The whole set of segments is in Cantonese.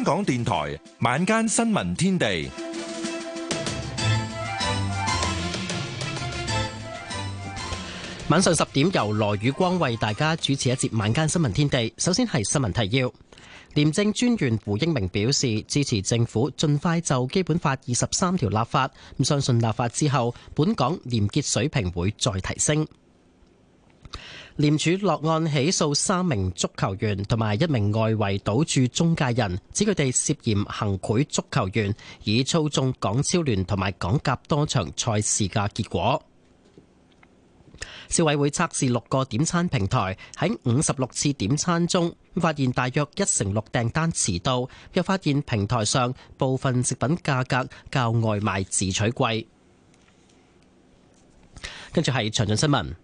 香港電台晚間新聞天地，晚上十點由羅宇光為大家主持一節晚間新聞天地。首先係新聞提要，廉政專員胡英明表示支持政府盡快就基本法二十三條立法，咁相信立法之後，本港廉潔水平會再提升。廉署落案起訴三名足球員同埋一名外圍賭注中介人，指佢哋涉嫌行賄足球員，以操縱港超聯同埋港甲多場賽事嘅結果。消委會測試六個點餐平台，喺五十六次點餐中，發現大約一成六訂單遲到，又發現平台上部分食品價格較外賣自取貴。跟住係詳盡新聞。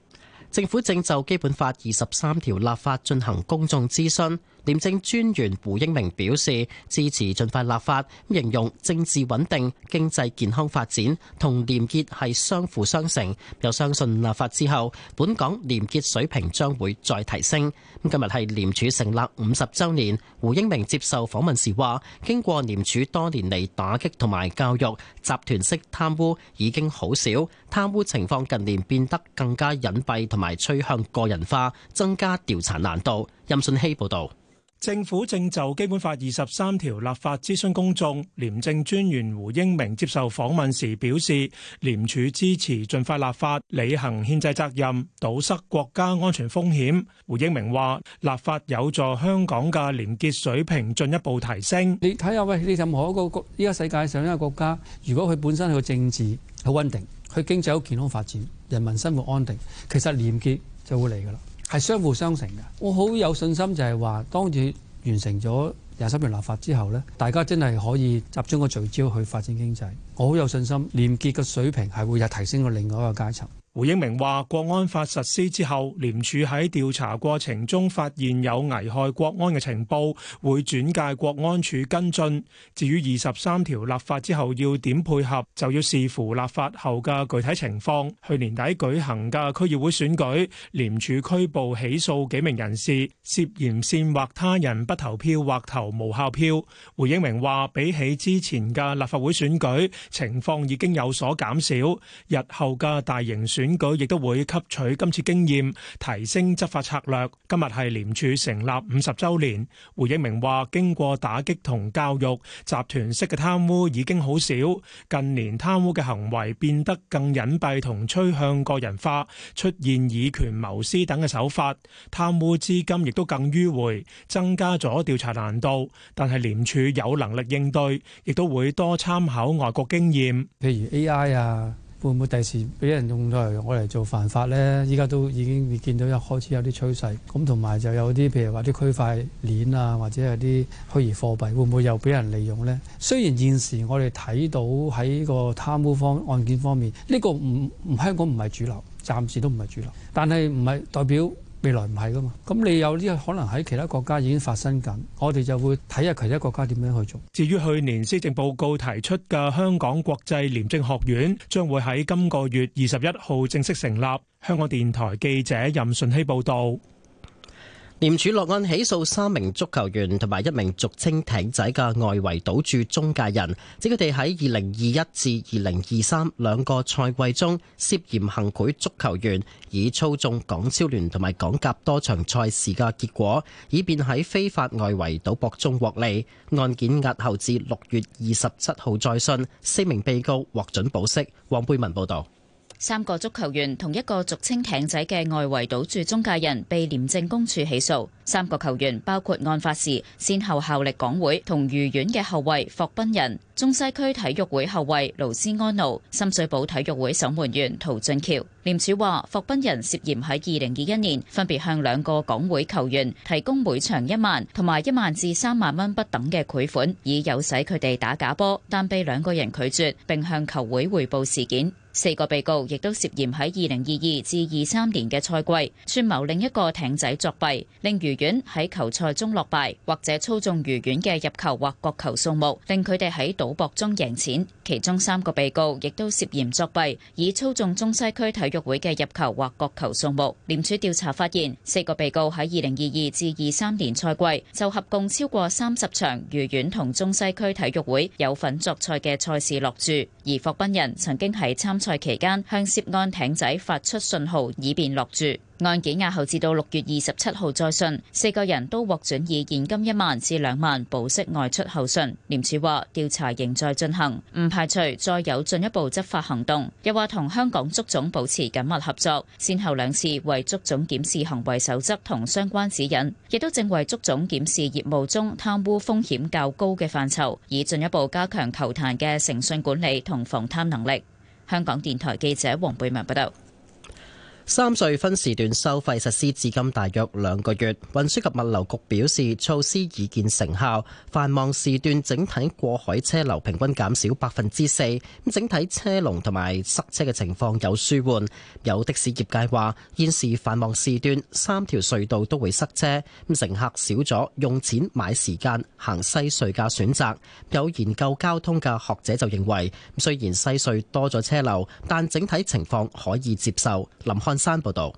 政府正就《基本法》二十三條立法進行公眾諮詢。廉政專員胡英明表示支持，盡快立法，形容政治穩定、經濟健康發展同廉潔係相輔相成，又相信立法之後本港廉潔水平將會再提升。今日係廉署成立五十周年，胡英明接受訪問時話經過廉署多年嚟打擊同埋教育，集團式貪污已經好少，貪污情況近年變得更加隱蔽同埋趨向個人化，增加調查難度。任信希報道。政府正就基本法二十三條立法諮詢公眾，廉政專員胡英明接受訪問時表示，廉署支持盡快立法，履行憲制責任，堵塞國家安全風險。胡英明話：立法有助香港嘅廉潔水平進一步提升。你睇下，喂，你任何一個國，依家世界上一個國家，如果佢本身個政治好穩定，佢經濟好健康發展，人民生活安定，其實廉潔就會嚟噶啦。係相輔相成嘅，我好有信心就係話，當住完成咗廿三條立法之後咧，大家真係可以集中個聚焦去發展經濟，我好有信心廉潔嘅水平係會又提升到另外一個階層。胡英明話國安法實施之後，廉署喺調查過程中發現有危害國安嘅情報會轉介國安署跟進，至於二十三條立法之後要點配合，就要視乎立法後嘅具體情況去年底舉行嘅區議會選舉廉署拘捕起訴幾名人士涉嫌煽惑他人不投票或投無效票。胡英明話比起之前嘅立法會選舉情況已經有所減少。日後嘅大型選。選舉亦都會吸取今次經驗，提升執法策略。今日係廉署成立五十周年，胡英明話：經過打擊同教育，集團式嘅貪污已經好少。近年貪污嘅行為變得更隱蔽同趨向個人化，出現以權謀私等嘅手法。貪污資金亦都更迂回，增加咗調查難度。但係廉署有能力應對，亦都會多參考外國經驗，譬如 AI 啊。會唔會第時俾人用咗嚟用我嚟做犯法咧？依家都已經見到一開始有啲趨勢，咁同埋就有啲譬如話啲區塊鏈啊，或者有啲虛擬貨幣，會唔會又俾人利用咧？雖然現時我哋睇到喺個貪污方案件方面，呢個唔唔香港唔係主流，暫時都唔係主流，但係唔係代表。未來唔係噶嘛？咁你有呢個可能喺其他國家已經發生緊，我哋就會睇下其他國家點樣去做。至於去年施政報告提出嘅香港國際廉政學院，將會喺今個月二十一號正式成立。香港電台記者任順熙報道。廉署落案起訴三名足球員同埋一名俗稱艇仔嘅外圍賭注中介人，指佢哋喺二零二一至二零二三兩個賽季中涉嫌行賄足球員，以操縱港超聯同埋港甲多場賽事嘅結果，以便喺非法外圍賭博中獲利。案件押後至六月二十七號再訊。四名被告獲准保釋。黃貝文報道。三個足球員同一個俗稱艇仔嘅外圍賭注中介人被廉政公署起訴。三個球員包括案發時先後效力港會同愉園嘅後衛霍賓人、中西區體育會後衛勞斯安奴、深水埗體育會守門員陶俊橋。廉署話，霍賓人涉嫌喺二零二一年分別向兩個港會球員提供每場一萬同埋一萬至三萬蚊不等嘅賄款，以誘使佢哋打假波，但被兩個人拒絕，並向球會匯報事件。四個被告亦都涉嫌喺二零二二至二三年嘅賽季串謀另一個艇仔作弊，令愉園喺球賽中落敗，或者操縱愉園嘅入球或角球數目，令佢哋喺賭博中贏錢。其中三個被告亦都涉嫌作弊，以操縱中西區體育會嘅入球或角球數目。廉署調查發現，四個被告喺二零二二至二三年賽季就合共超過三十場愉園同中西區體育會有份作賽嘅賽事落注，而霍賓人曾經喺參賽。賽期間向涉案艇仔發出信號，以便落注。案件押後至到六月二十七號再訊。四個人都獲准以現金一萬至兩萬保釋外出候訊。廉署話調查仍在進行，唔排除再有進一步執法行動。又話同香港足總保持緊密合作，先後兩次為足總檢視行為守則同相關指引，亦都正為足總檢視業務中貪污風險較高嘅範疇，以進一步加強球壇嘅誠信管理同防貪能力。香港電台記者黃貝文報道。三隧分時段收費實施至今大約兩個月，運輸及物流局表示措施已見成效，繁忙時段整體過海車流平均減少百分之四，咁整體車龍同埋塞車嘅情況有舒緩。有的士業界話現時繁忙時段三條隧道都會塞車，乘客少咗用錢買時間行西隧嘅選擇。有研究交通嘅學者就認為，雖然西隧多咗車流，但整體情況可以接受。林漢山報道，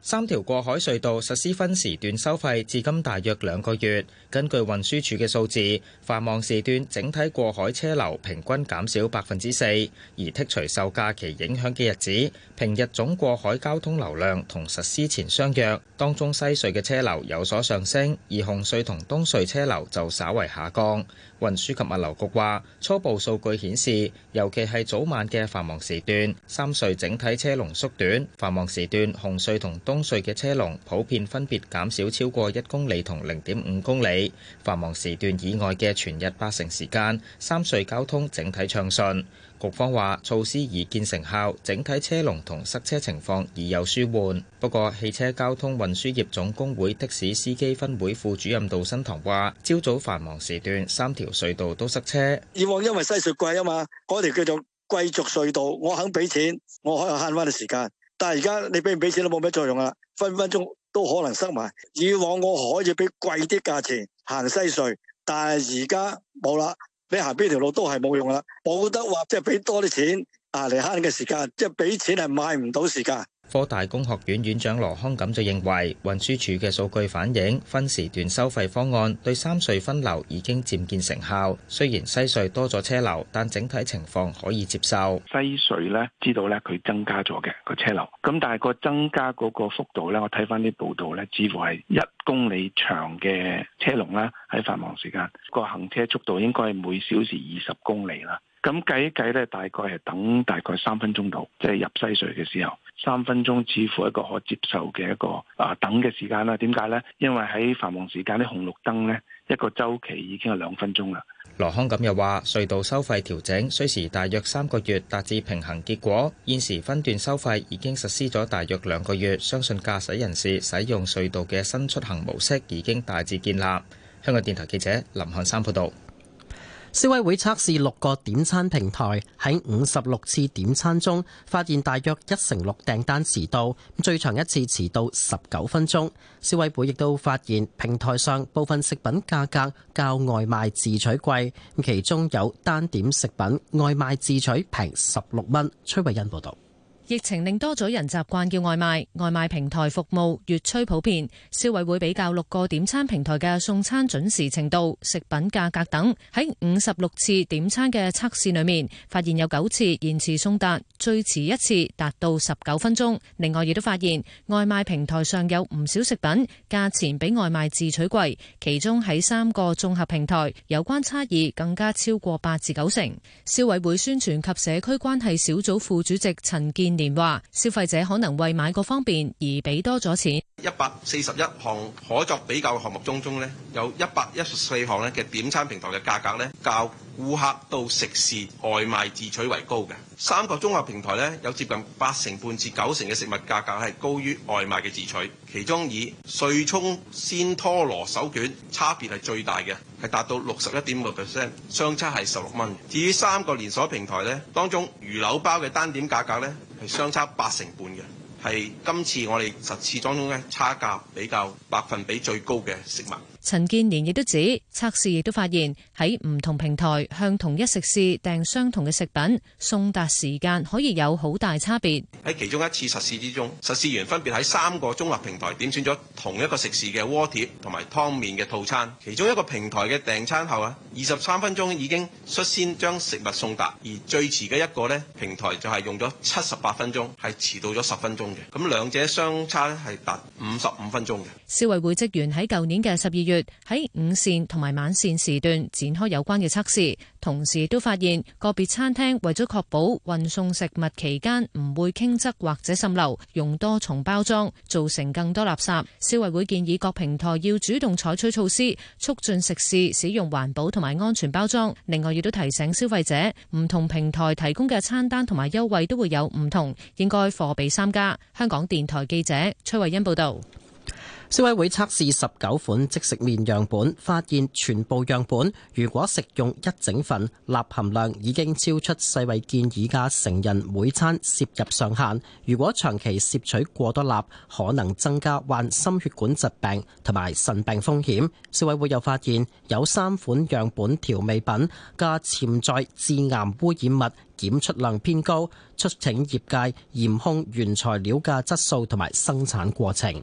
三條過海隧道實施分時段收費，至今大約兩個月。根據運輸署嘅數字，繁忙時段整體過海車流平均減少百分之四，而剔除受假期影響嘅日子，平日總過海交通流量同實施前相約。當中西隧嘅車流有所上升，而紅隧同東隧車流就稍為下降。運輸及物流局話，初步數據顯示，尤其係早晚嘅繁忙時段，三隧整體車龍縮短；繁忙時段紅隧同東隧嘅車龍普遍分別減少超過一公里同零點五公里；繁忙時段以外嘅全日八成時間，三隧交通整體暢順。局方話措施已見成效，整體車龍同塞車情況已有舒緩。不過，汽車交通運輸業總工會的士司機分會副主任杜新堂話：朝早繁忙時段，三條隧道都塞車。以往因為西隧貴啊嘛，嗰條叫做貴族隧道，我肯俾錢，我可以慳翻啲時間。但係而家你俾唔俾錢都冇咩作用啦，分分鐘都可能塞埋。以往我可以俾貴啲價錢行西隧，但係而家冇啦。你行邊條路都係冇用啦，冇得話即係畀多啲錢啊嚟慳嘅時間，即係畀錢係買唔到時間。科大工學院院長羅康錦就認為，運輸署嘅數據反映分時段收費方案對三隧分流已經漸見成效。雖然西隧多咗車流，但整體情況可以接受。西隧咧，知道咧，佢增加咗嘅個車流，咁但係個增加嗰個幅度咧，我睇翻啲報道咧，幾乎係一公里長嘅車龍啦，喺繁忙時間個行車速度應該係每小時二十公里啦。咁計一計咧，大概係等大概三分鐘度，即係入西隧嘅時候。三分鐘似乎一個可接受嘅一個啊等嘅時間啦。點解呢？因為喺繁忙時間啲紅綠燈呢，一個周期已經係兩分鐘啦。羅康錦又話：隧道收費調整需時大約三個月達至平衡結果。現時分段收費已經實施咗大約兩個月，相信駕駛人士使用隧道嘅新出行模式已經大致建立。香港電台記者林漢山報道。消委會測試六個點餐平台，喺五十六次點餐中，發現大約一成六訂單遲到，最長一次遲到十九分鐘。消委會亦都發現平台上部分食品價格較外賣自取貴，其中有單點食品外賣自取平十六蚊。崔慧欣報道。疫情令多咗人習慣叫外賣，外賣平台服務越趨普遍。消委會比較六個點餐平台嘅送餐準時程度、食品價格等，喺五十六次點餐嘅測試裏面，發現有九次延遲送達，最遲一次達到十九分鐘。另外亦都發現，外賣平台上有唔少食品價錢比外賣自取貴，其中喺三個綜合平台有關差異更加超過八至九成。消委會宣傳及社區關係小組副主席陳健。年話消費者可能為買個方便而俾多咗錢。一百四十一項可作比較項目中，中呢，有一百一十四項呢嘅點餐平台嘅價格呢，較顧客到食肆外賣自取為高嘅三個綜合平台呢，有接近八成半至九成嘅食物價格係高於外賣嘅自取。其中以瑞充鮮拖羅手卷差別係最大嘅，係達到六十一點五 percent，相差係十六蚊。至於三個連鎖平台呢，當中魚柳包嘅單點價格呢，相差八成半嘅，係今次我哋十次當中咧差價比較百分比最高嘅食物。陳建年亦都指測試亦都發現喺唔同平台向同一食肆訂相同嘅食品，送達時間可以有好大差別。喺其中一次實試之中，實試員分別喺三個綜合平台點選咗同一個食肆嘅鍋貼同埋湯麵嘅套餐。其中一個平台嘅訂餐後啊，二十三分鐘已經率先將食物送達，而最遲嘅一個呢，平台就係用咗七十八分鐘，係遲到咗十分鐘嘅。咁兩者相差係達五十五分鐘嘅。消委會職員喺舊年嘅十二月，喺午膳同埋晚膳時段展開有關嘅測試，同時都發現個別餐廳為咗確保運送食物期間唔會傾側或者滲漏，用多重包裝造成更多垃圾。消委會建議各平台要主動採取措施，促進食肆使用環保同埋安全包裝。另外亦都提醒消費者，唔同平台提供嘅餐單同埋優惠都會有唔同，應該貨比三家。香港電台記者崔慧欣報道。消委會測試十九款即食麵樣本，發現全部樣本如果食用一整份，鈉含量已經超出世衛建議嘅成人每餐攝入上限。如果長期攝取過多鈉，可能增加患心血管疾病同埋腎病風險。消委會又發現有三款樣本調味品嘅潛在致癌污染物檢出量偏高，出請業界嚴控原材料嘅質素同埋生產過程。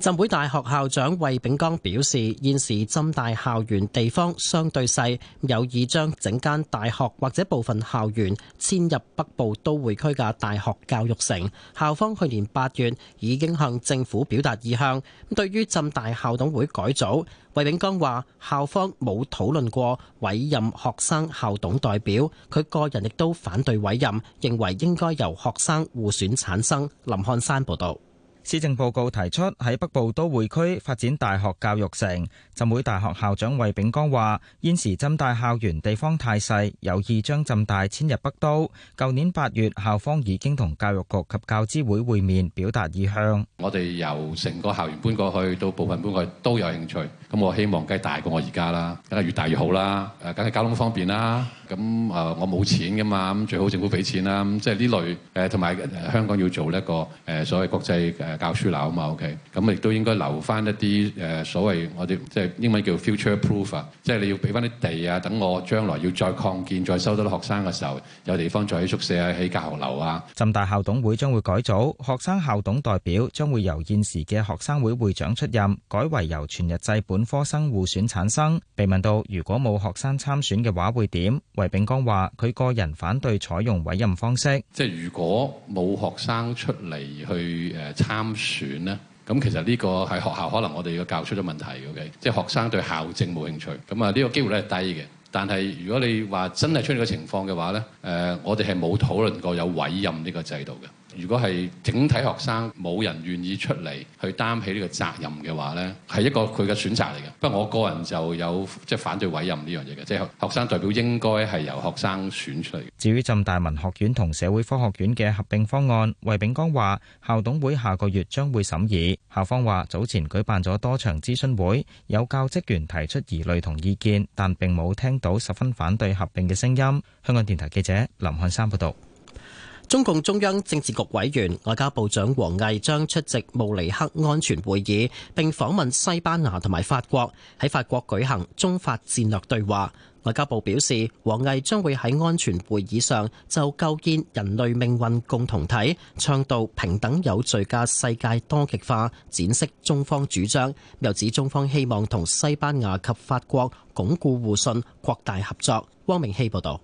浸會大學校長魏炳剛表示，現時浸大校園地方相對細，有意將整間大學或者部分校園遷入北部都會區嘅大學教育城。校方去年八月已經向政府表達意向。對於浸大校董會改組，魏炳剛話校方冇討論過委任學生校董代表，佢個人亦都反對委任，認為應該由學生互選產生。林漢山報道。施政報告提出喺北部都會區發展大學教育城，浸會大學校長衛炳江話，現時浸大校園地方太細，有意將浸大遷入北都。舊年八月，校方已經同教育局及教資會會面，表達意向。我哋由成個校園搬過去，到部分搬過去都有興趣。咁我希望梗係大過我而家啦，梗係越大越好啦。誒，梗係交通方便啦。咁誒，我冇錢㗎嘛，咁最好政府俾錢啦。咁即係呢類誒，同埋香港要做一個誒所謂國際嘅。教書樓啊嘛，OK，咁亦都應該留翻一啲誒、呃、所謂我哋即係英文叫 future proof 啊，即係你要俾翻啲地啊，等我將來要再擴建、再收到啲學生嘅時候，有地方再起宿舍啊、起教學樓啊。浸大校董會將會改組，學生校董代表將會由現時嘅學生會會長出任，改為由全日制本科生互選產生。被問到如果冇學生參選嘅話會點，魏炳光話佢個人反對採用委任方式。即係如果冇學生出嚟去誒參。參選咧，咁、嗯、其實呢個係學校可能我哋嘅教出咗問題嘅，okay? 即係學生對校政冇興趣，咁啊呢個機會咧，係低嘅。但係如果你話真係出現個情況嘅話咧，誒、呃，我哋係冇討論過有委任呢個制度嘅。如果係整體學生冇人願意出嚟去擔起呢個責任嘅話呢係一個佢嘅選擇嚟嘅。不過我個人就有即係反對委任呢樣嘢嘅，即係學生代表應該係由學生選出嚟。至於浸大文學院同社會科學院嘅合併方案，衛炳江話校董會下個月將會審議。校方話早前舉辦咗多場諮詢會，有教職員提出疑慮同意見，但並冇聽到十分反對合併嘅聲音。香港電台記者林漢山報道。中共中央政治局委員外交部長王毅將出席慕尼黑安全會議，並訪問西班牙同埋法國，喺法國舉行中法戰略對話。外交部表示，王毅將會喺安全會議上就構建人類命運共同體、倡導平等有序嘅世界多極化，展示中方主張。又指中方希望同西班牙及法國鞏固互信、擴大合作。汪明希報道。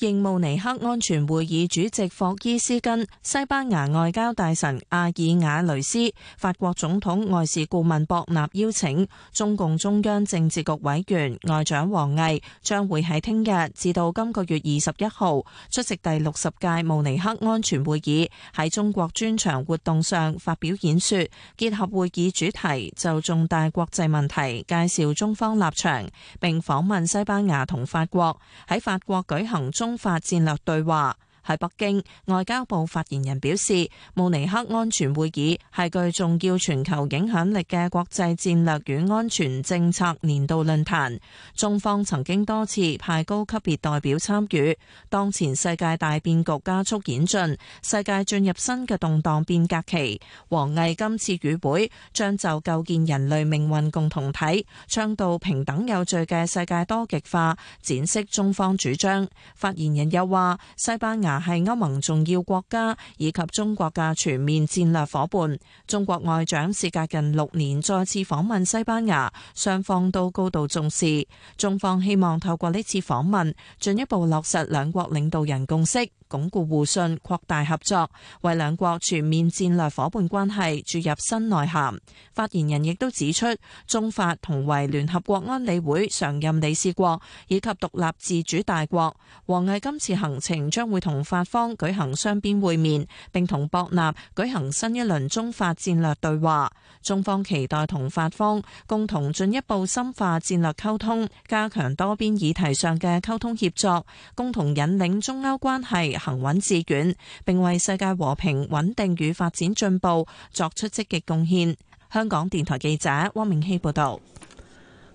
應慕尼黑安全會議主席霍伊斯根、西班牙外交大臣阿爾瓦雷斯、法國總統外事顧問博納邀請，中共中央政治局委員外長王毅將會喺聽日至到今個月二十一號出席第六十屆慕尼黑安全會議，喺中國專場活動上發表演說，結合會議主題就重大國際問題介紹中方立場，並訪問西班牙同法國，喺法國舉行中中法戰略對話。喺北京，外交部發言人表示，慕尼黑安全會議係具重要全球影響力嘅國際戰略與安全政策年度論壇，中方曾經多次派高級別代表參與，當前世界大變局加速演進，世界進入新嘅動盪變革期，王毅今次與會將就構建人類命運共同體，倡導平等有序嘅世界多極化，展示中方主張，發言人又話，西班牙。係歐盟重要國家以及中國嘅全面戰略伙伴。中國外長時隔近六年再次訪問西班牙，雙方都高度重視，中方希望透過呢次訪問進一步落實兩國領導人共識。鞏固互信、擴大合作，為兩國全面戰略伙伴關係注入新內涵。發言人亦都指出，中法同為聯合國安理會常任理事國以及獨立自主大國，王毅今次行程將會同法方舉行雙邊會面，並同博納舉行新一輪中法戰略對話，中方期待同法方共同進一步深化戰略溝通，加強多邊議題上嘅溝通協作，共同引領中歐關係行穩致遠，並為世界和平、穩定與發展進步作出積極貢獻。香港電台記者汪明希報道。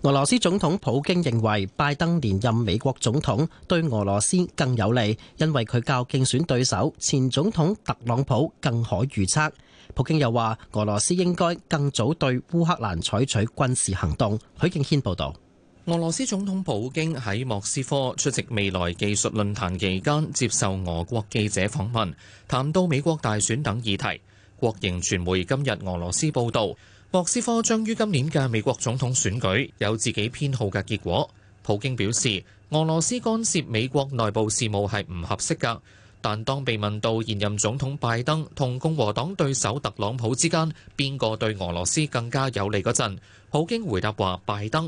俄羅斯總統普京認為，拜登連任美國總統對俄羅斯更有利，因為佢較競選對手前總統特朗普更可預測。普京又話，俄羅斯應該更早對烏克蘭採取軍事行動。許敬軒報道。俄羅斯總統普京喺莫斯科出席未來技術論壇期間接受俄國記者訪問，談到美國大選等議題。國營傳媒今日俄羅斯報道，莫斯科將於今年嘅美國總統選舉有自己偏好嘅結果。普京表示，俄羅斯干涉美國內部事務係唔合適㗎。但當被問到現任總統拜登同共和黨對手特朗普之間邊個對俄羅斯更加有利嗰陣，普京回答話拜登。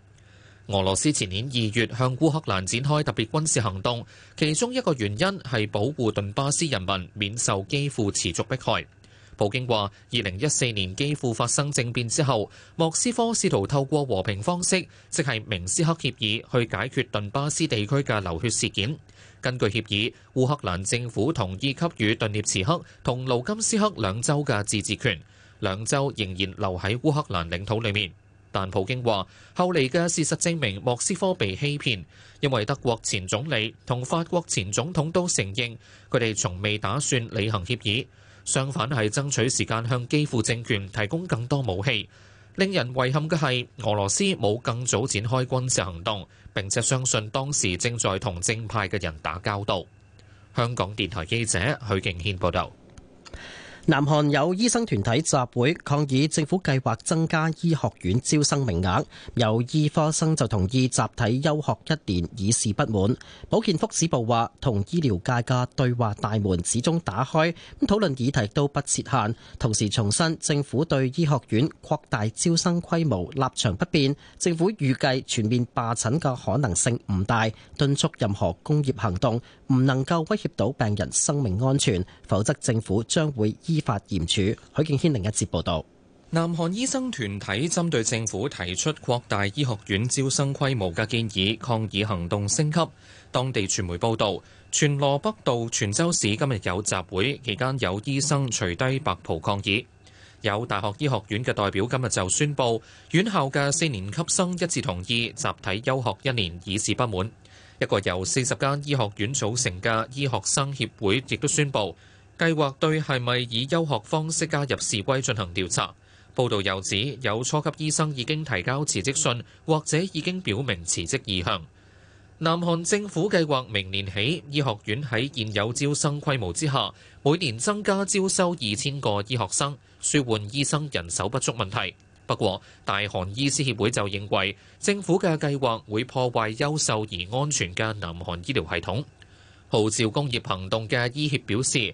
俄羅斯前年二月向烏克蘭展開特別軍事行動，其中一個原因係保護頓巴斯人民免受基輔持續迫害。普京話，二零一四年基輔發生政變之後，莫斯科試圖透過和平方式，即係明斯克協議，去解決頓巴斯地區嘅流血事件。根據協議，烏克蘭政府同意給予頓涅茨克同盧甘斯克兩州嘅自治權，兩州仍然留喺烏克蘭領土裏面。但普京話：後嚟嘅事實證明莫斯科被欺騙，因為德國前總理同法國前總統都承認佢哋從未打算履行協議，相反係爭取時間向基輔政權提供更多武器。令人遺憾嘅係，俄羅斯冇更早展開軍事行動，並且相信當時正在同正派嘅人打交道。香港電台記者許敬軒報道。南韓有醫生團體集會抗議政府計劃增加醫學院招生名額，有醫科生就同意集體休學一年以示不滿。保健福祉部話，同醫療界嘅對話大門始終打開，咁討論議題都不設限。同時重申政府對醫學院擴大招生規模立場不變。政府預計全面罷診嘅可能性唔大，敦促任何工業行動唔能夠威脅到病人生命安全，否則政府將會依法嚴處。許敬軒。另一節報道，南韓醫生團體針對政府提出擴大醫學院招生規模嘅建議，抗議行動升級。當地傳媒報道，全羅北道全州市今日有集會期間，有醫生除低白袍抗議。有大學醫學院嘅代表今日就宣布，院校嘅四年級生一致同意集體休學一年，以示不滿。一個由四十間醫學院組成嘅醫學生協會亦都宣布。計劃對係咪以休學方式加入示威進行調查。報道又指有初級醫生已經提交辭職信，或者已經表明辭職意向。南韓政府計劃明年起，醫學院喺現有招生規模之下，每年增加招收二千個醫學生，舒緩醫生人手不足問題。不過，大韓醫師協會就認為政府嘅計劃會破壞優秀而安全嘅南韓醫療系統。號召工業行動嘅醫協表示：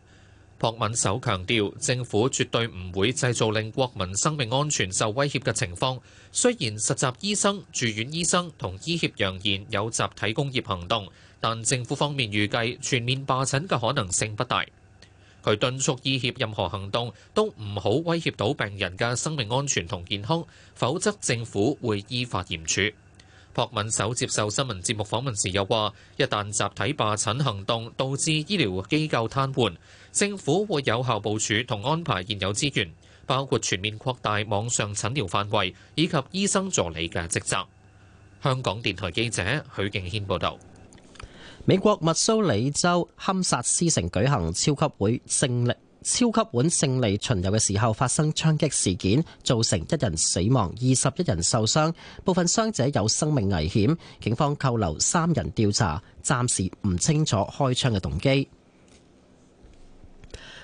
朴敏手強調，政府絕對唔會製造令國民生命安全受威脅嘅情況。雖然實習醫生、住院醫生同醫協揚言有集體工業行動，但政府方面預計全面罷診嘅可能性不大。佢敦促醫協任何行動都唔好威脅到病人嘅生命安全同健康，否則政府會依法嚴處。朴敏手接受新聞節目訪問時又話，一旦集體罷診行動導致醫療機構癱瘓。政府會有效部署同安排現有資源，包括全面擴大網上診療範圍以及醫生助理嘅職責。香港電台記者許敬軒報導。美國密蘇里州堪薩斯城舉行超級會勝利超級碗勝利巡遊嘅時候發生槍擊事件，造成一人死亡、二十一人受傷，部分傷者有生命危險。警方扣留三人調查，暫時唔清楚開槍嘅動機。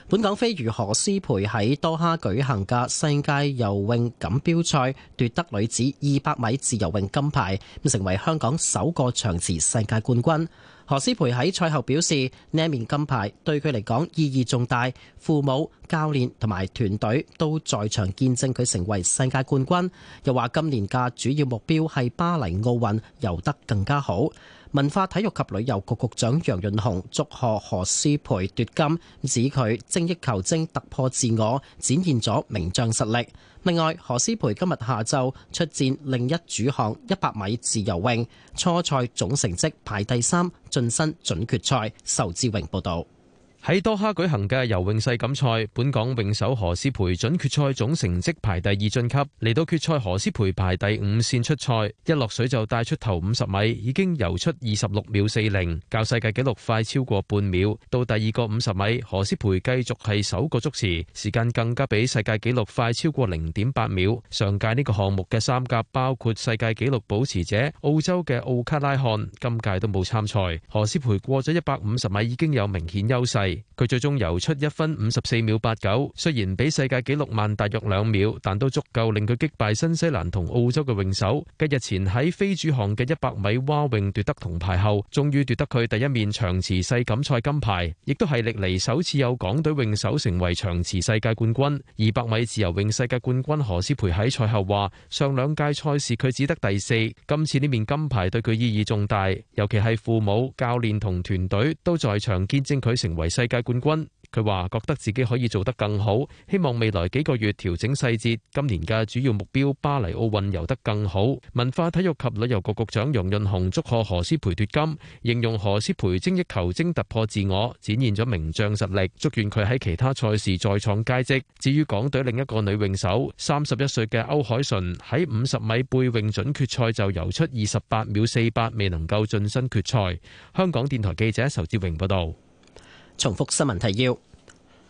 本港飛魚何思培喺多哈舉行嘅世界游泳錦標賽奪得女子二百米自由泳金牌，成為香港首個長池世界冠軍。何思培喺賽後表示：呢一面金牌對佢嚟講意義重大，父母、教練同埋團隊都在場見證佢成為世界冠軍。又話今年嘅主要目標係巴黎奧運游得更加好。文化體育及旅遊局局長楊潤雄祝賀何詩蓓奪金，指佢精益求精、突破自我，展現咗名將實力。另外，何詩蓓今日下晝出戰另一主項一百米自由泳，初賽總成績排第三，晉身準決賽。仇志榮報道。喺多哈舉行嘅游泳世錦賽，本港泳手何詩蓓準決賽總成績排第二晉級。嚟到決賽，何詩蓓排第五線出賽，一落水就帶出頭五十米，已經游出二十六秒四零，較世界紀錄快超過半秒。到第二個五十米，何詩蓓繼續係首個觸池，時間更加比世界紀錄快超過零點八秒。上屆呢個項目嘅三甲包括世界紀錄保持者澳洲嘅奧卡拉漢，今屆都冇參賽。何詩蓓過咗一百五十米已經有明顯優勢。佢最終游出一分五十四秒八九，雖然比世界紀錄慢大約兩秒，但都足夠令佢擊敗新西蘭同澳洲嘅泳手。繼日前喺非主項嘅一百米蛙泳奪得銅牌後，終於奪得佢第一面長池世錦賽金牌，亦都係歷嚟首次有港隊泳手成為長池世界冠軍。二百米自由泳世界冠軍何詩蓓喺賽後話：上兩屆賽事佢只得第四，今次呢面金牌對佢意義重大，尤其係父母、教練同團隊都在場見證佢成為。世界冠軍，佢話覺得自己可以做得更好，希望未來幾個月調整細節。今年嘅主要目標，巴黎奧運游得更好。文化體育及旅遊局局長楊潤雄祝賀何詩蓓奪金，形容何詩蓓精益求精，突破自我，展現咗名將實力，祝願佢喺其他賽事再創佳績。至於港隊另一個女泳手三十一歲嘅歐海純，喺五十米背泳準，準決，決賽就游出二十八秒四八，未能夠晉身決賽。香港電台記者仇志榮報道。重複新聞提要，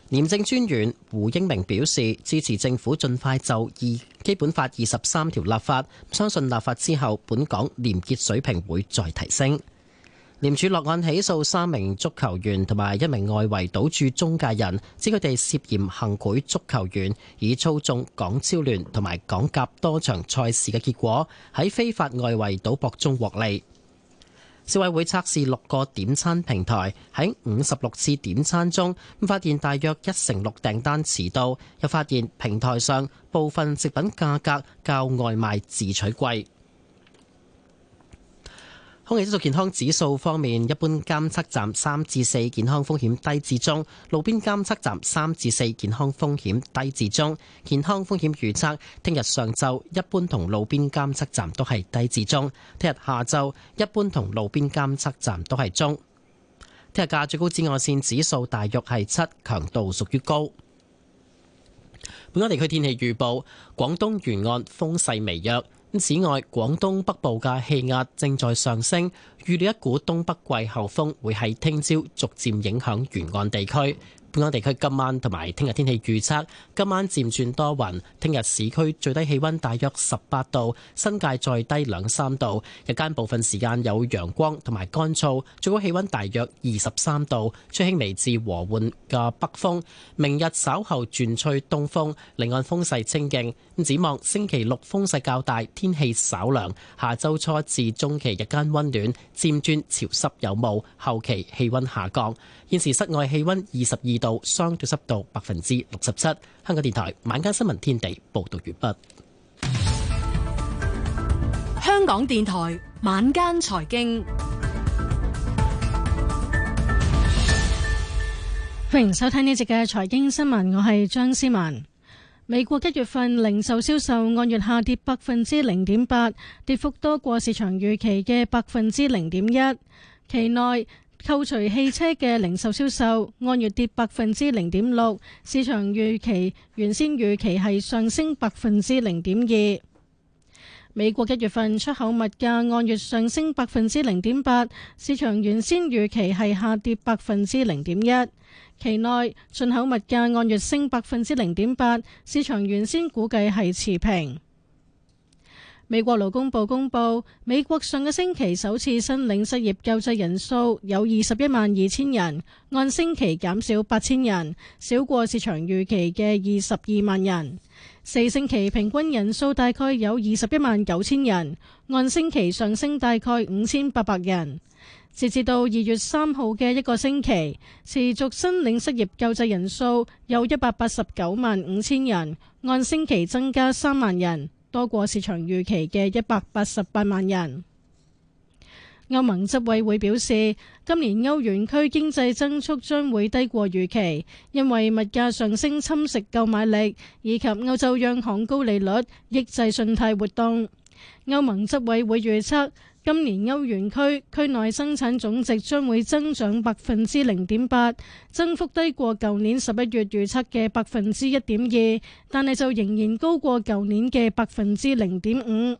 廉政專員胡英明表示支持政府盡快就二基本法二十三條立法，相信立法之後，本港廉潔水平會再提升。廉署落案起訴三名足球員同埋一名外圍賭注中介人，指佢哋涉嫌行賄足球員，以操縱港超聯同埋港甲多場賽事嘅結果，喺非法外圍賭博中獲利。消委會測試六個點餐平台，喺五十六次點餐中，發現大約一成六訂單遲到，又發現平台上部分食品價格較外賣自取貴。空氣質素健康指數方面，一般監測站三至四，健康風險低至中；路邊監測站三至四，健康風險低至中。健康風險預測，聽日上晝一般同路邊監測站都係低至中；聽日下晝一般同路邊監測站都係中。聽日嘅最高紫外線指數大約係七，強度屬於高。本港地區天氣預報：廣東沿岸風勢微弱。此外，廣東北部嘅氣壓正在上升，預料一股東北季候風會喺聽朝逐漸影響沿岸地區。本港地區今晚同埋聽日天氣預測：今晚漸轉多雲，聽日市區最低氣温大約十八度，新界再低兩三度。日間部分時間有陽光同埋乾燥，最高氣温大約二十三度，吹輕微至和緩嘅北風。明日稍後轉吹東風，明晚風勢清勁。咁展望星期六風勢較大，天氣稍涼。下周初至中期日間温暖，漸轉潮濕有霧，後期氣温下降。現時室外氣溫二十二度，相對濕度百分之六十七。香港電台晚間新聞天地報道完畢。香港電台晚間財經，歡迎收睇呢集嘅財經新聞，我係張思文。美國一月份零售銷售，售按月下跌百分之零點八，跌幅多過市場預期嘅百分之零點一。期內扣除汽車嘅零售銷售按月跌百分之零點六，市場預期原先預期係上升百分之零點二。美國一月份出口物價按月上升百分之零點八，市場原先預期係下跌百分之零點一。期內進口物價按月升百分之零點八，市場原先估計係持平。美國勞工部公布，美國上個星期首次申領失業救濟人數有二十一萬二千人，按星期減少八千人，少過市場預期嘅二十二萬人。四星期平均人數大概有二十一萬九千人，按星期上升大概五千八百人。截至到二月三號嘅一個星期，持續申領失業救濟人數有一百八十九萬五千人，按星期增加三萬人。多過市場預期嘅一百八十八萬人。歐盟執委會表示，今年歐元區經濟增速將會低過預期，因為物價上升侵蝕購買力，以及歐洲央行高利率抑制信貸活動。歐盟執委會預測，今年歐元區區內生產總值將會增長百分之零點八，增幅低過舊年十一月預測嘅百分之一點二，但係就仍然高過舊年嘅百分之零點五。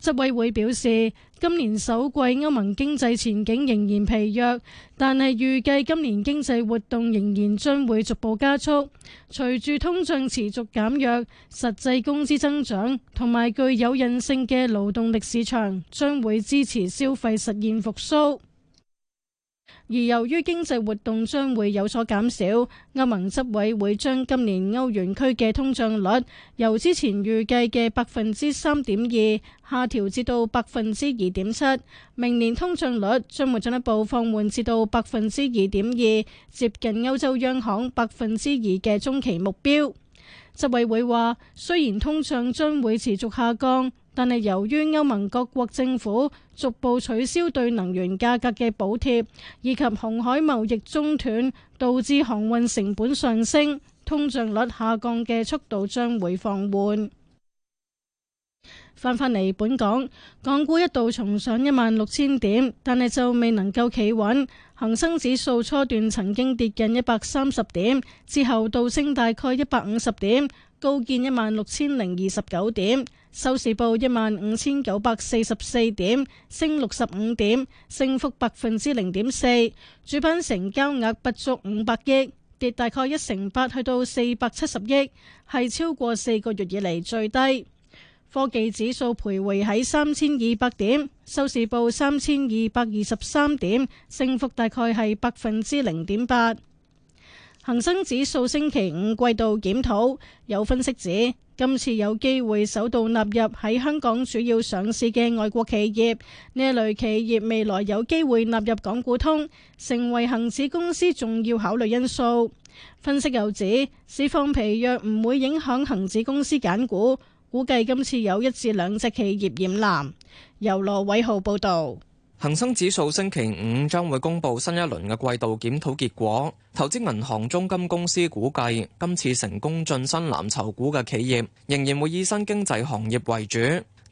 執委會表示，今年首季歐盟經濟前景仍然疲弱，但係預計今年經濟活動仍然將會逐步加速。隨住通脹持續減弱，實際工資增長同埋具有韌性嘅勞動力市場將會支持消費實現復甦。而由於經濟活動將會有所減少，歐盟執委會將今年歐元區嘅通脹率由之前預計嘅百分之三點二下調至到百分之二點七，明年通脹率將會進一步放緩至到百分之二點二，接近歐洲央行百分之二嘅中期目標。執委會話，雖然通脹將會持續下降，但係由於歐盟各國政府逐步取消對能源價格嘅補貼，以及紅海貿易中斷導致航運成本上升，通脹率下降嘅速度將會放緩。翻返嚟本港，港股一度重上一萬六千點，但係就未能夠企穩。恒生指數初段曾經跌近一百三十點，之後倒升大概一百五十點，高見一萬六千零二十九點。收市報一萬五千九百四十四點，升六十五點，升幅百分之零點四。主板成交額不足五百億，跌大概一成八，去到四百七十億，係超過四個月以嚟最低。科技指數徘徊喺三千二百點，收市報三千二百二十三點，升幅大概係百分之零點八。恒生指數星期五季度檢討，有分析指今次有機會首度納入喺香港主要上市嘅外國企業，呢一類企業未來有機會納入港股通，成為恆指公司重要考慮因素。分析又指市況疲弱唔會影響恆指公司揀股，估計今次有一至兩隻企業染藍。由羅偉豪報道。恒生指數星期五將會公布新一輪嘅季度檢討結果。投資銀行中金公司估計，今次成功晉身藍籌股嘅企業仍然會以新經濟行業為主，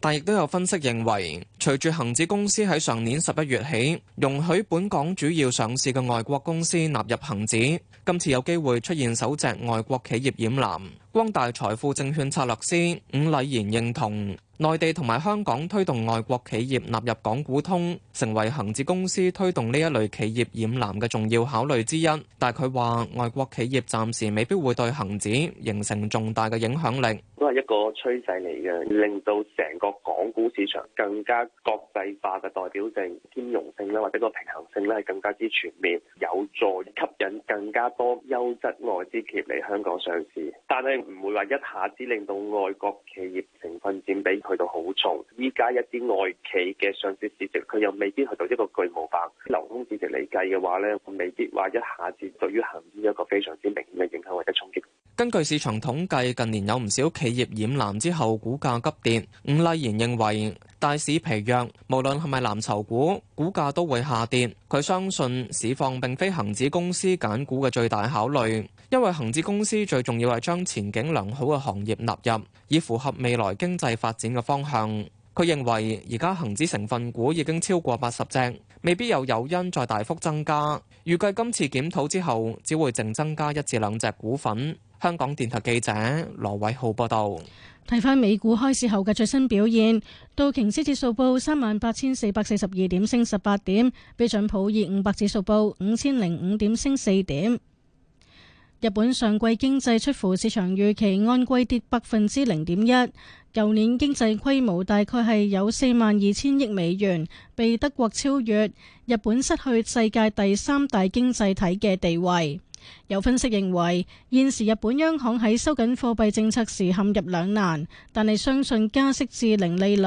但亦都有分析認為，隨住恒指公司喺上年十一月起容許本港主要上市嘅外國公司納入恒指，今次有機會出現首隻外國企業染藍。光大財富證券策略師伍禮賢認同，內地同埋香港推動外國企業納入港股通，成為恒指公司推動呢一類企業染藍嘅重要考慮之一。但係佢話外國企業暫時未必會對恒指形成重大嘅影響力，都係一個趨勢嚟嘅，令到成個港股市場更加國際化嘅代表性、兼容性啦，或者個平衡性咧，係更加之全面，有助吸引更加多優質外資企業嚟香港上市。但係。唔會話一下子令到外國企業成分佔比去到好重，依家一啲外企嘅上市市值，佢又未必去到一個巨無霸。流通市值嚟計嘅話咧，我未必話一下子對於恒指一個非常之明顯嘅影響或者衝擊。根據市場統計，近年有唔少企業染藍之後，股價急跌。伍麗賢認為。大市疲弱，無論係咪藍籌股，股價都會下跌。佢相信市況並非恒指公司揀股嘅最大考慮，因為恒指公司最重要係將前景良好嘅行業納入，以符合未來經濟發展嘅方向。佢認為而家恒指成分股已經超過八十隻，未必有誘因再大幅增加。預計今次檢討之後，只會淨增加一至兩隻股份。香港電台記者羅偉浩報道。睇翻美股開市後嘅最新表現，道瓊斯指數報三萬八千四百四十二點，升十八點；標準普爾五百指數報五千零五點，升四點。日本上季經濟出乎市場預期，按季跌百分之零點一。舊年經濟規模大概係有四萬二千億美元，被德國超越，日本失去世界第三大經濟體嘅地位。有分析認為，現時日本央行喺收緊貨幣政策時陷入兩難，但係相信加息至零利率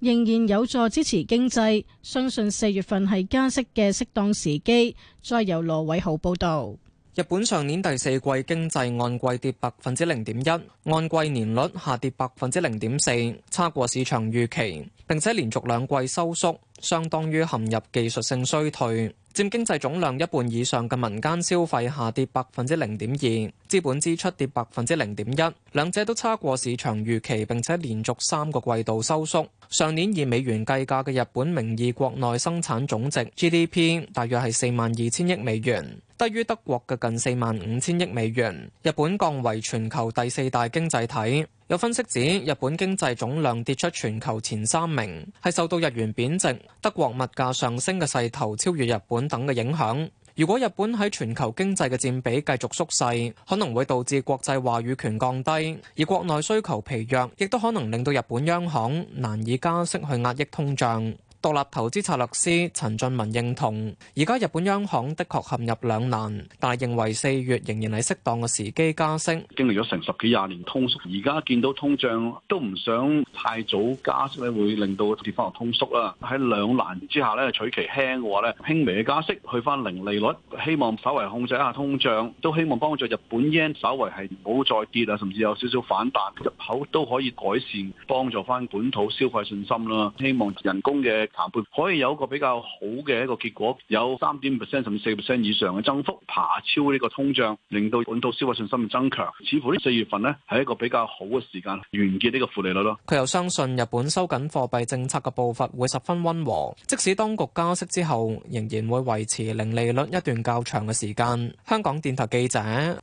仍然有助支持經濟。相信四月份係加息嘅適當時機。再由羅偉豪報道。日本上年第四季經濟按季跌百分之零點一，按季年率下跌百分之零點四，差過市場預期，並且連續兩季收縮，相當於陷入技術性衰退。佔經濟總量一半以上嘅民間消費下跌百分之零點二，資本支出跌百分之零點一，兩者都差過市場預期，並且連續三個季度收縮。上年以美元計價嘅日本名義國內生產總值 GDP 大約係四萬二千億美元。低於德國嘅近四萬五千億美元，日本降為全球第四大經濟體。有分析指，日本經濟總量跌出全球前三名，係受到日元貶值、德國物價上升嘅勢頭超越日本等嘅影響。如果日本喺全球經濟嘅佔比繼續縮細，可能會導致國際話語權降低，而國內需求疲弱，亦都可能令到日本央行難以加息去壓抑通脹。獨立投資策略師陳俊文認同，而家日本央行的確陷入兩難，但係認為四月仍然係適當嘅時機加息。經歷咗成十幾廿年通縮，而家見到通脹都唔想太早加息咧，會令到跌翻落通縮啦。喺兩難之下咧，取其輕嘅話咧，輕微嘅加息去翻零利率，希望稍為控制一下通脹，都希望幫助日本 yen 稍為係唔好再跌啊，甚至有少少反彈，入口都可以改善，幫助翻本土消費信心啦。希望人工嘅可以有一個比較好嘅一個結果，有三點五 percent 甚至四 percent 以上嘅增幅，爬超呢個通脹，令到本土消費信心嘅增強。似乎呢四月份呢係一個比較好嘅時間，完結呢個負利率咯。佢又相信日本收緊貨幣政策嘅步伐會十分溫和，即使當局加息之後，仍然會維持零利率一段較長嘅時間。香港電台記者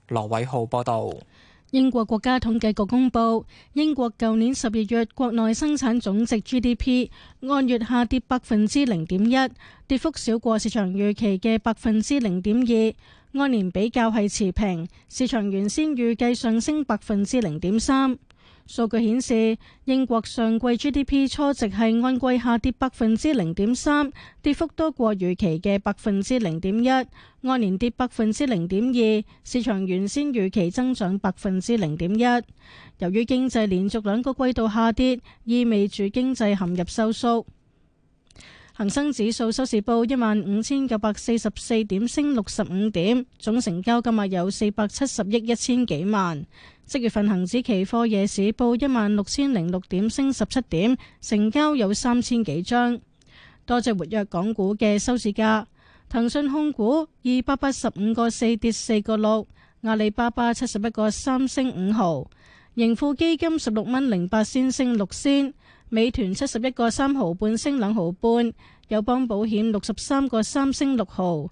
羅偉浩報道。英國國家統計局公布，英國舊年十二月國內生產總值 GDP 按月下跌百分之零點一，跌幅少過市場預期嘅百分之零點二，按年比較係持平，市場原先預計上升百分之零點三。數據顯示，英國上季 GDP 初值係按季下跌百分之零點三，跌幅多過預期嘅百分之零點一，按年跌百分之零點二，市場原先預期增長百分之零點一。由於經濟連續兩個季度下跌，意味住經濟陷入收縮。恒生指數收市報一萬五千九百四十四點，升六十五點，總成交金額有四百七十億一千幾萬。即月份恆指期貨夜市報一萬六千零六點，升十七點，成交有三千幾張，多隻活躍港股嘅收市價：騰訊控股二百八十五個四，跌四個六，阿里巴巴七十一個三，升五毫，盈富基金十六蚊零八先，升六仙，美團七十一個三毫半，升兩毫半，友邦保險六十三個三，升六毫。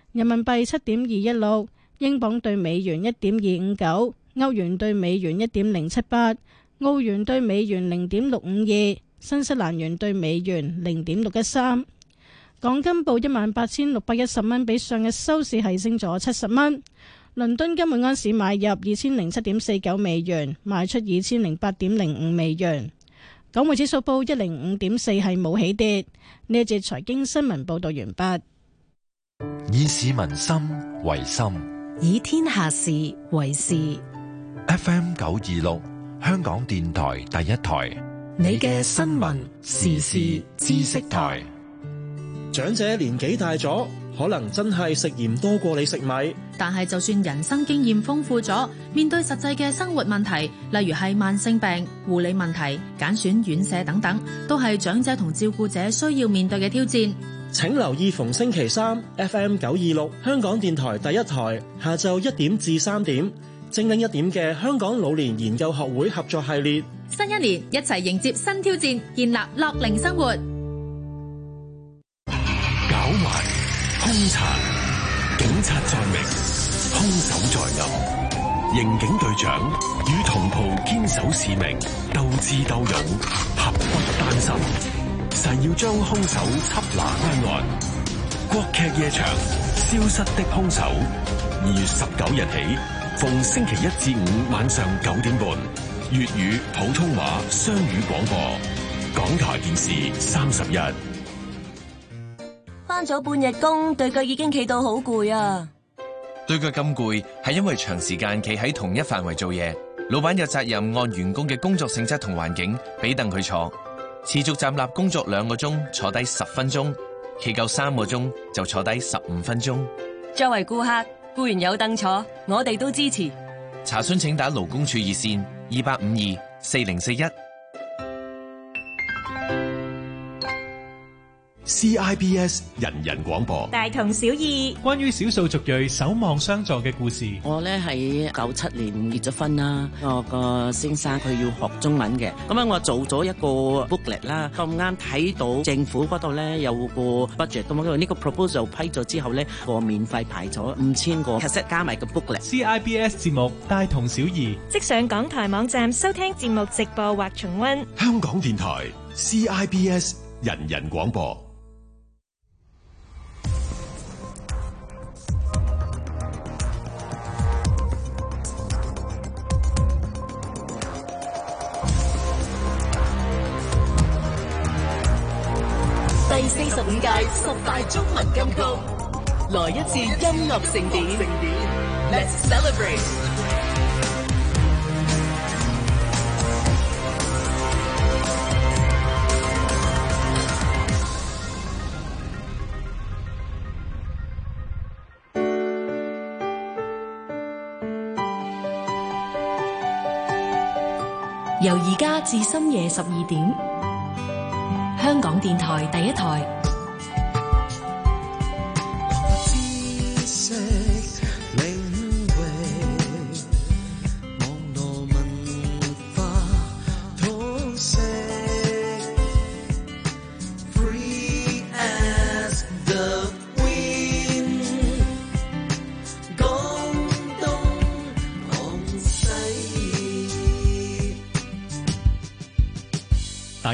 人民幣七點二一六，英鎊兌美元一點二五九，歐元兌美元一點零七八，澳元兌美元零點六五二，新西蘭元兌美元零點六一三。港金報一萬八千六百一十蚊，比上日收市係升咗七十蚊。倫敦金每安士買入二千零七點四九美元，賣出二千零八點零五美元。港匯指數報一零五點四，係冇起跌。呢一節財經新聞報道完畢。以市民心為心，以天下事為事。F.M. 九二六，香港電台第一台，你嘅新聞時事知識台。長者年紀大咗，可能真係食鹽多過你食米。但係就算人生經驗豐富咗，面對實際嘅生活問題，例如係慢性病、護理問題、揀選院舍等等，都係長者同照顧者需要面對嘅挑戰。請留意逢星期三，FM 九二六香港電台第一台下晝一點至三點，精靈一點嘅香港老年研究學會合作系列。新一年一齊迎接新挑戰，建立樂齡生活。搞埋凶殘，警察在明，凶手在暗，刑警隊長與同袍堅守使命，鬥智鬥勇，合不單身，就要將凶手緝拿歸案。國劇夜場《消失的凶手》，二月十九日起逢星期一至五晚上九點半，粵語、普通話雙語廣播，港台電視三十日。返咗半日工，對腳已經企到好攰啊！對腳咁攰，係因為長時間企喺同一範圍做嘢。老闆有責任按員工嘅工作性質同環境，俾凳佢坐。持續站立工作兩個鐘，坐低十分鐘；企夠三個鐘就坐低十五分鐘。作為顧客固然有凳坐，我哋都支持。查詢請打勞工處熱線二八五二四零四一。CIBS 人人廣播，大同小異。關於少數族裔守望相助嘅故事，我咧喺九七年結咗婚啦。我個先生佢要學中文嘅，咁樣我做咗一個 booklet 啦。咁啱睇到政府嗰度咧有個 budget，咁我呢個 proposal 批咗之後咧，我免費排咗五千個 cassette 加埋個 booklet。CIBS 節目大同小異，即上港台網站收聽節目直播或重温香港電台 CIBS 人人廣播。第四十五屆十大中文金曲，來一次音樂盛典。Let's celebrate！由而家至深夜十二點。香港電台第一台。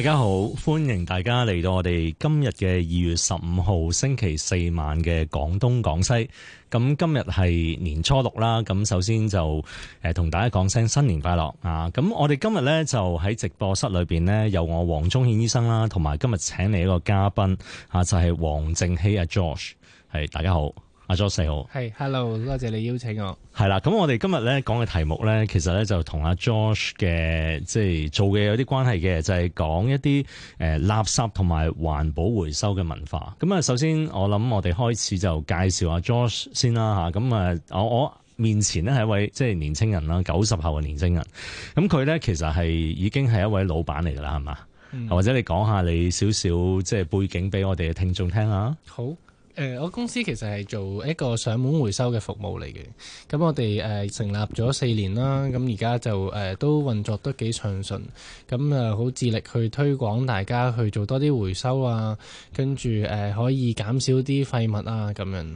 大家好，歡迎大家嚟到我哋今日嘅二月十五號星期四晚嘅廣東廣西。咁今日係年初六啦，咁首先就誒同大家講聲新年快樂啊！咁我哋今日呢就喺直播室裏邊呢，有我黃忠憲醫生啦，同埋今日請嚟一個嘉賓啊，就係、是、黃正熙啊，Josh，係，大家好。阿 Joey，好係，Hello，多謝你邀請我。係啦，咁我哋今日咧講嘅題目咧，其實咧就同阿 Joey 嘅即係做嘅有啲關係嘅，就係講，啊就是，一啲誒、呃、垃圾同埋環保回收嘅文化。咁啊，首先我諗我哋開始就介紹阿 Joey 先啦吓。咁啊，我我面前呢係一位即係年青人啦，九十後嘅年青人。咁佢咧其實係已經係一位老闆嚟噶啦，係嘛？嗯、或者你講下你少少即係背景俾我哋嘅聽眾聽下。好。誒、呃，我公司其實係做一個上門回收嘅服務嚟嘅。咁我哋誒、呃、成立咗四年啦，咁而家就誒、呃、都運作得幾暢順。咁啊，好致力去推廣大家去做多啲回收啊，跟住誒可以減少啲廢物啊，咁樣。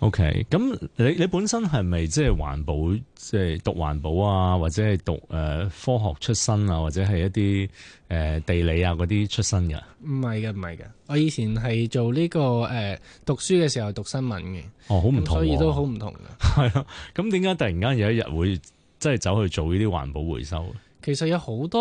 OK，咁你你本身係咪即係環保，即係讀環保啊，或者係讀誒科學出身啊，或者係一啲誒地理啊啲出身噶？唔係嘅，唔係嘅，我以前係做呢個誒讀書嘅時候讀新聞嘅。哦，好唔同，所以都好唔同嘅。係啊，咁點解突然間有一日會即係走去做呢啲環保回收？其實有好多。